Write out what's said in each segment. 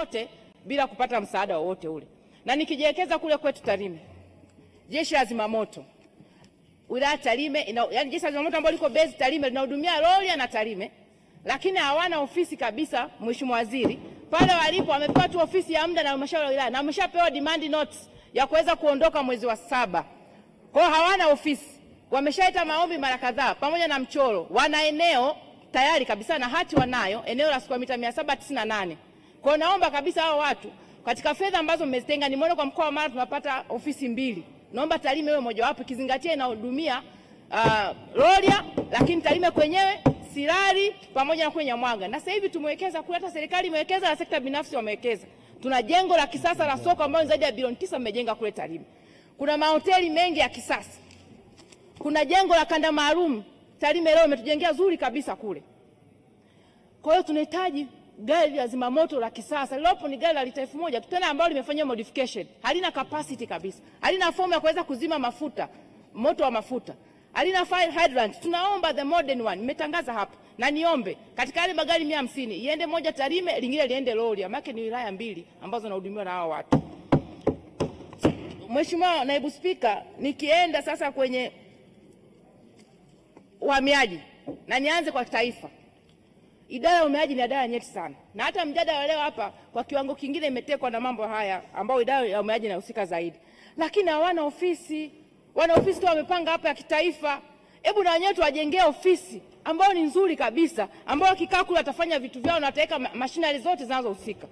yoyote bila kupata msaada wowote ule, na nikijiwekeza kule kwetu Tarime, jeshi la zimamoto wilaya Tarime ina, yani jeshi la zimamoto ambalo liko base Tarime linahudumia Rorya na Tarime, lakini hawana ofisi kabisa. Mheshimiwa Waziri, pale walipo wamepewa tu ofisi ya muda na halmashauri ya wilaya na wameshapewa demand notes ya kuweza kuondoka mwezi wa saba. Kwa hawana ofisi, wameshaita maombi mara kadhaa pamoja na mchoro, wana eneo tayari kabisa na hati wanayo, eneo la square mita 798 kwa naomba kabisa hao watu katika fedha ambazo mmezitenga, nimeona kwa mkoa wa Mara tunapata ofisi mbili, naomba Tarime iwe mojawapo ikizingatia inahudumia uh, ah, Rorya, lakini Tarime kwenyewe Sirari pamoja na kwenye Mwanga. Na sasa hivi tumewekeza kule, hata serikali imewekeza na sekta binafsi wamewekeza. Tuna jengo la kisasa la soko ambalo zaidi ya bilioni tisa mmejenga kule Tarime. Kuna mahoteli mengi ya kisasa. Kuna jengo la kanda maalum Tarime leo umetujengea zuri kabisa kule. Kwa hiyo tunahitaji gari la zimamoto la kisasa lilopo ni gari la lita elfu moja tena ambalo limefanyiwa modification, halina capacity kabisa, halina fomu ya kuweza kuzima mafuta, moto wa mafuta, halina fire hydrant. Tunaomba the modern one, nimetangaza hapa na niombe katika yale magari mia hamsini iende moja Tarime, lingine liende Rorya, maana ni wilaya mbili ambazo zinahudumiwa na hao watu. Mheshimiwa Naibu Spika, nikienda sasa kwenye uhamiaji na nianze kwa taifa Idara ya umeaji ni idara nyeti sana, na hata mjadala leo hapa kwa kiwango kingine imetekwa na mambo haya ambayo idara ya umeaji inahusika zaidi, lakini hawana ofisi. Wana ofisi tu wamepanga hapa ya kitaifa. Hebu na wenyewe tuwajengee ofisi ambayo ni nzuri kabisa, ambayo wakikaa kule watafanya vitu vyao na wataweka mashinari zote zinazohusika.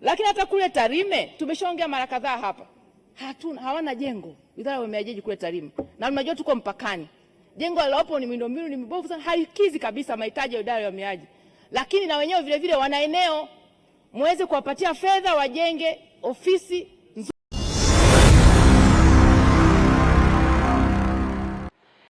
Lakini hata kule Tarime tumeshaongea mara kadhaa hapa, hatuna hawana jengo idara ya umeaji kule Tarime, na unajua tuko mpakani jengo lilopo ni miundombinu ni mibovu sana, haikizi kabisa mahitaji ya idara ya uhamiaji. Lakini na wenyewe vile vile wana eneo, muweze kuwapatia fedha wajenge ofisi